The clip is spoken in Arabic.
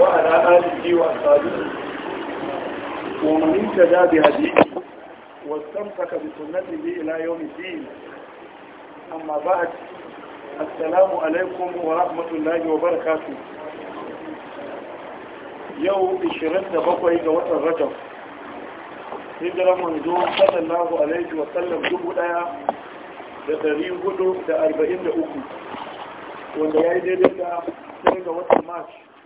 وعلى آله وأصحابه ومن انتجى بهديه واستمسك بسنته إلى يوم الدين أما بعد السلام عليكم ورحمة الله وبركاته يوم الشرطة بقوة إجوات الرجل هجرة منذور صلى الله عليه وسلم جبه آية لتريم قدر لأربعين لأخي وإن يأيدي لك سنة وطن ماشي